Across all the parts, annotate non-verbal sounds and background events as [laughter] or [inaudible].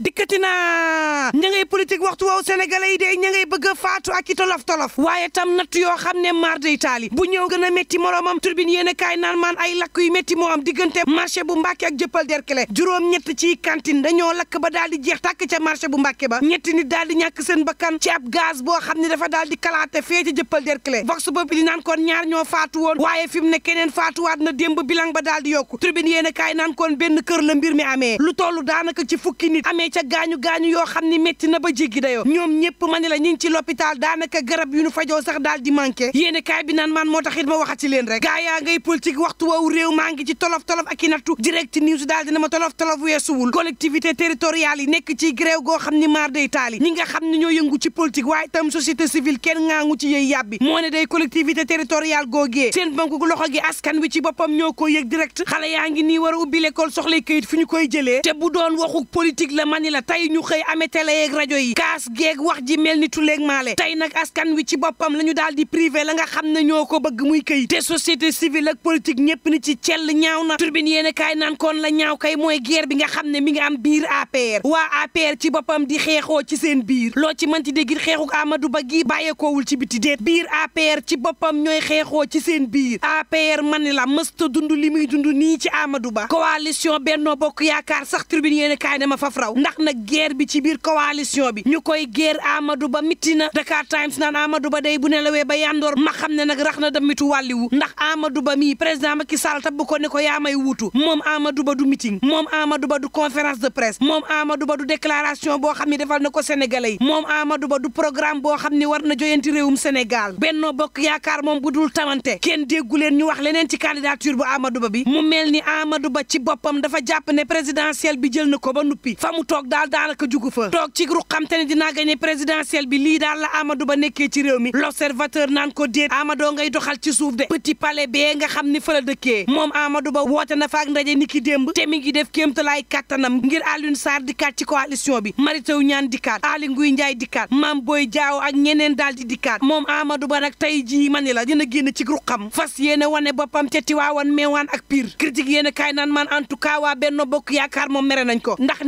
dikkati naa ña ngay politique waxtu woowu sénégalais yi de ña ngay bëgg a faatu ak i tolof tolof waaye tam natt yoo xam ne mar day taali bu ñëw gën a métti moroomam turbine yéen a kaay naan maan ay lakk yu métti moo am diggante marché bu mbàkke ak jëppal derkele juróom-ñett ci cantine dañoo lakk ba daal di jeex tàkk ca marché bu mbàkke ba ñetti nit daal di ñàkk seen bakkan ci ab gaz boo xam ne dafa daal di kalaate fee ca jëppal derkele vox bopp kon ñaar ñoo faatu woon fi mu ne keneen faatuwaat na démb bilang ba daal di yokku turbine yéen a benn kër la mbir mi amee lu tollu daanaka ci fukki nit amee ca gaañu-gaañu yoo xam ne métti na ba jéggi dayoo ñoom ñëpp ma ni la ñi ngi ci l'hôpital daanaka garab yu ñu fajoo sax daal di manqué yéene kaay bi naan maan moo tax it ma waxati leen rek gaa yaa ngay waxtu woowu réew maa ngi ci tolof-tolof ak i nattu direct news daal dina ma tolof-tolof weesuwul collectivité territoriale yi nekk ci gréew goo xam ne maar day taali ñi nga xam ne ñoo yëngu ci politique waaye itam société civile kenn ngaangu ci yëy yàbbi moo ne day collectivité territoriale googee seen banku loxo gi askan wi ci boppam ñoo ko yëg direct xale yaa ngi nii war a ubbi l'école soxlay kayit fu ñu koy jëlee te bu doon waxu politique la ni la tey ñu xëy amee télé yeeg rajo yi kaas geeg wax ji mel ni tuleeg maale tey nag askan wi ci boppam la ñu daal di privé la nga xam ne ñoo ko bëgg muy këy te société civile ak politique ñëpp ni ci cell ñaaw na turbine yéen kaay naan kon la ñaaw kay mooy guerre bi nga xam ne mi ngi am biir APR waa APR ci boppam di xeexoo ci seen biir loo ci mënti dégg xeexuk amadu Ba gi bàyyeekoowul ci biti déet biir APR ci boppam ñooy xeexoo ci seen biir APR man la mësta dund li muy dund nii ci Amadou Ba coalition Benno Bokk Yaakaar sax turbine yéen kaay dama ndax nag guerre bi ci biir coalition bi ñu koy guerre Amadou Ba mitti na Dakar Times naan Amadou Ba dey bu ne lawee ba yandoor ma xam ne nag rax na damitu wàlliwu ndax amadu Ba mii président Macky Sall tab bu ko ne ko yaa may wuutu moom Amadou Ba du meeting moom Amadou Ba du conférence de presse moom Amadou Ba du déclaration boo xam ne defal na ko Sénégalais yi moom amadu Ba du programme boo xam ne war na joyanti réewum Sénégal Benno Bokk Yaakaar moom bu dul tamante kenn déggu leen ñu wax leneen ci candidature bu amadu Ba bi mu mel ni Amadou Ba ci boppam dafa jàpp ne présidentielle bi jël na ko ba nuppi mu toog daal daanaka jugu fa toog ci ruqam te ne dinaa gagné présidentielle bi lii daal la Amadou Ba nekkee ci réew mi l'observateur naan ko déet Amadou ngay doxal ci suuf de petit palais bee nga xam ni fa dëkkee moom Amadou Ba woote na fa ak ndaje ni ki démb te mi ngi def kéemtalaay kattanam ngir Alioune Sarr dikkaat ci coalition bi mari Teuw ñaan dikkaat Aly Ngouille Ndiaye dikkaat Mame Boye Diao ak ñeneen daal di dikkaat moom Amadou Ba nag tey jii ma ni la dina génn ci ruqam fas yéene wane boppam te tiwaawan meewaan ak pire critique yéen a kaay naan man en tout cas waa Benno Bokk Yaakaar moom mere nañ ko ndax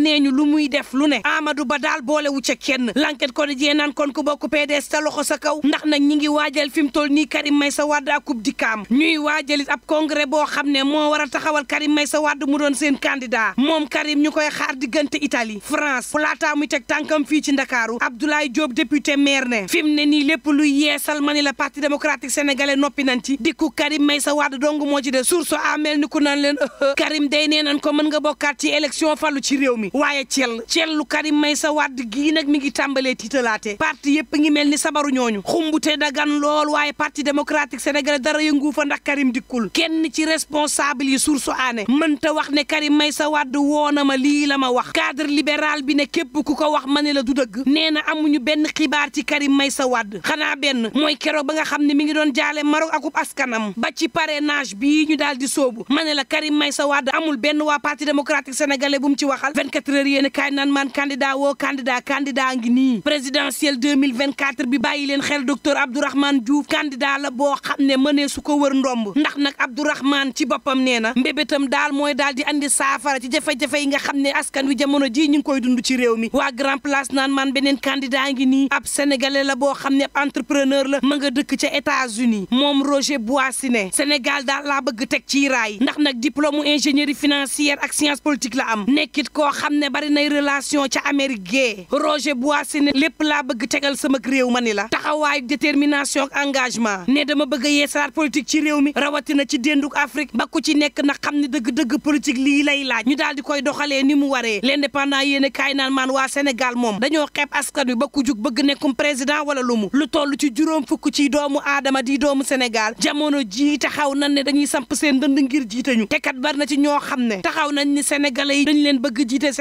muy def lu ne Amadou Ba daal boolewu ca kenn l'enquête ko di naan kon ku bokku PDS sa loxo sa kaw ndax nag ñi ngi waajal fi mu toll nii Karim Meïssa Wade ak coupe di kaam ñuy waajalit ab congrès boo xam ne moo war a taxawal Karim sa wadd mu doon seen candidat moom Karim ñu koy xaar diggante Italie France laata muy teg tànkam fii ci Ndakaaru Abdoulaye Diop député maire ne fi mu ne nii lépp luy yeesal ma ni la parti démocratique sénégalais noppi nañ ci dikku Karim Meïssa Wade dong moo ci de source amel ni ku naan leen [laughs] Karim day nee nañ ko mën nga bokkaat ci élection fallu ci réew mi ci sell cellu Karim Meïssa Wade gii mi ngi tàmbalee tiitalaate parti yëpp ngi mel ni sabaru ñooñu xumbute dagan lool waaye parti démocratique sénégalais dara yëngu fa ndax Karim dikkul kenn ci responsable yi source aane mënta wax ne Karim Meïssa Wade woona ma lii la ma wax cadre libéral bi ne képp ku ko wax ma ne la du dëgg nee na amuñu benn xibaar ci Karim Meïssa Wade xanaa benn mooy keroog ba nga xam ne mi ngi doon jaale Maroc akub askanam ba ci parrainage bii ñu daal di soobu ma ne la Karim Meïssa Wade amul benn waa parti démocratique sénégalais bu mu ci waxal 24 heures yéen kaay nan man candidat woo candidat candidat ngi nii présidentielle 2024 bi bàyyi leen xel docteur Abdourahmane Diouf candidat la boo xam ne mënee su ko wër ndomb ndax nag Abdourahmane ci boppam nee na mbébétam daal mooy daal di andi saafara ci jafe-jafe yi nga xam ne askan wi jamono ji ñu ngi koy dund ci réew mi waa grand place naan man beneen candidat ngi nii ab sénégalais la boo xam ne ab entrepreneur la ma nga dëkk ca États-Unis moom Roger Boissiné Sénégal daal laa bëgg teg ci raay ndax nag diplôme ingénierie financière ak science politique la am nekkit koo xam ne samay relation ca Amérique gee Roger Boissy ne lépp laa bëgg tegal sama réew ma ni la taxawaay détermination ak engagement ne dama bëgg a yeesalaat ci réew mi rawatina ci dénduk Afrique ba ku ci nekk na xam ne dëgg-dëgg politique lii lay laaj ñu daal di koy doxalee ni mu waree l'indépendant yéen a kaay naan maan waa Sénégal moom dañoo xeeb askan wi ba ku jug bëgg nekkum président wala lu mu lu toll ci juróom fukk ci doomu aadama di doomu Sénégal jamono jii taxaw nan ne dañuy samp seen dënd ngir jiite ñu te bar na ci ñoo xam ne taxaw nañ ni sénégalais yi dañ leen bëgg jiite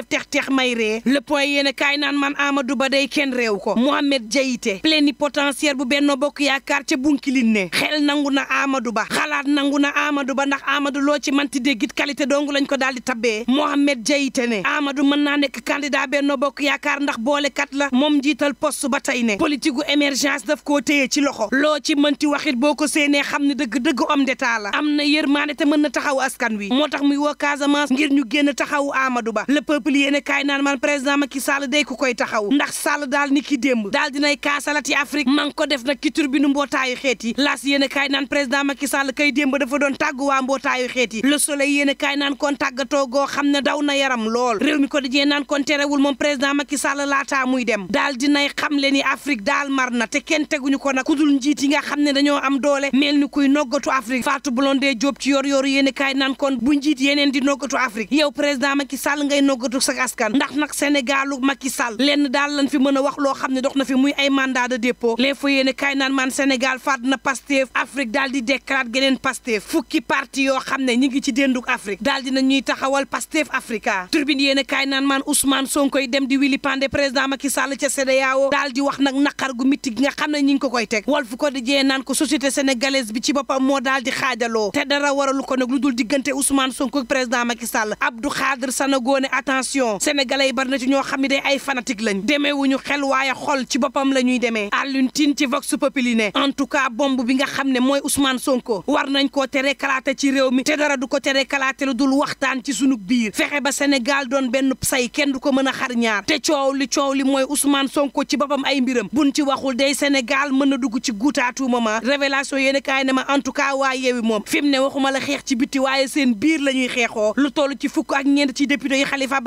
def tex tex may ree le point yéen kaay naan man Amadou Ba day kenn reew ko Mohamed Diaité plénipotentiaire bu Benno Bokk Yaakaar ca Bunkilin ne xel nangu na Amadou Ba xalaat nangu na Amadou Ba ndax amadu loo ci manti déggit qualité dong lañ ko daal di tabbee Mohamed Diaité ne Amadou mën naa nekk candidat Benno Bokk Yaakaar ndax boolekat la moom njiital post ba tey ne politique gu émergence daf koo téye ci loxo loo ci mënti waxit boo ko séenee xam ne dëgg-dëgg homme d'état la am na yërmaane te mën na taxaw askan wi moo tax muy woo Casamance ngir ñu génn taxawu Amadou Ba peuple yéene kaay naan man président Macky Sall day ku koy taxaw ndax Sall daal ni ki démb daal dinay kaasalati Afrique man ko def nag ki tur bi nu mbootaayu xeet yi laas yéene kaay naan président Macky Sall kay démb dafa doon tàggu waa mbootaayu xeet yi Le Soleil yéene kaay naan kon tàggatoo xam ne daw na yaram lool réew mi ko dajee naan kon terewul moom président Macky Sall laataa muy dem daal dinay xam le ni Afrique daal mar na te kenn teguñu ko nag ku dul njiit yi nga xam ne dañoo am doole mel ni kuy noggatu Afrique Fatou Blondé Diop ci yor yoru yéene kaay naan kon bu njiit yeneen di noggatu Afrique yow président Macky Sall ngay nogg nekkatug sa askan ndax nag Sénégalu Macky Sall lenn daal lañ fi mën a wax loo xam ne dox na fi muy ay mandat de dépôt les fa yéene maan Sénégal faat na Pastef Afrique daal di déclare geneen Pastef fukki parti yoo xam ne ñi ngi ci dénduk Afrique daal dina ñuy wal Pastef Africa turbine yéene kaay naan maan Ousmane Sonko dem di wili pandé président Macky Sall ca CEDEAO daal di wax nag naqar gu mitti gi nga xam ne ñi ngi ko koy teg Walf Quotidien naan ko société sénégalaise bi ci boppam moo daal di xaajaloo te dara ko nag lu dul diggante Ousmane Sonko président Macky Sall Abdou Khadre Sanogo ne attention sénégalais yi bari na ci ñoo xam ne day ay fanatique lañ demeewuñu xel waaye xol ci boppam la ñuy demee Alioune Tine ci Vox Populi ne en cas bombe bi nga xam ne mooy Ousmane Sonko war nañ koo tere kalaate ci réew mi te dara du ko tere kalaate lu dul waxtaan ci sunu biir fexe ba Sénégal doon benn say kenn du ko mën a xar ñaar te coow li coow li mooy Ousmane Sonko ci boppam ay mbiram buñ ci waxul day Sénégal mën na dugg ci guutaatu moment révélation yéen kaay ne ma en tout cas waa yeewi moom fi mu ne waxuma la xeex ci bitti waaye biir la ñuy xeexoo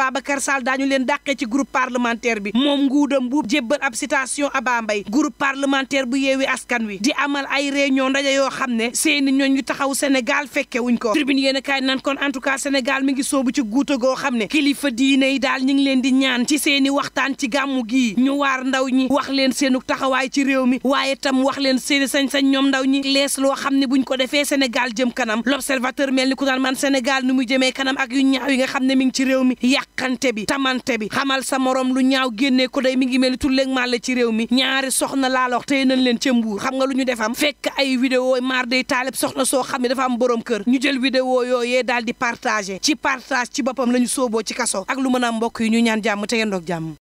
Ababacar Sall daañu leen daqe ci groupe parlementaire bi moom nguuda mbuub jébbal ab citation Aba Mbaye groupe parlementaire bu yeewi askan wi di amal ay réunion ndaje yoo xam ne seeni ñooñ ñu taxaw Sénégal fekke wuñ ko tribune yéen a kaay nan kon en tout cas Sénégal mi ngi soobu ci guuta goo xam ne kilifa diine yi daal ñu ngi di ñaan ci seeni waxtaan ci gàmmu gii ñu waar ndaw ñi wax leen seenu taxawaay ci réew mi waaye tam wax leen seeni sañ-sañ ñoom ndaw ñi lees loo xam ne buñ ko defee Sénégal jëm kanam l'observateur mel ni ku naan man Sénégal ni muy jëmee kanam ak yu ñaaw yi nga xam ne mi ngi ci réew mi yàq yàqante bi tamante bi xamal sa morom lu ñaaw génnee ko day mi ngi mel ni tulleeg màlle ci réew mi ñaari soxna laalox tey nañ leen ca mbuur xam nga lu ñu defam fekk ay vidéo maar day taalib soxna soo xam ne dafa am borom kër ñu jël vidéo yooyee daal di partagé ci partage ci boppam la ñu sooboo ci kaso ak lu mën a mbokk yi ñu ñaan jàmm te yendoog jàmm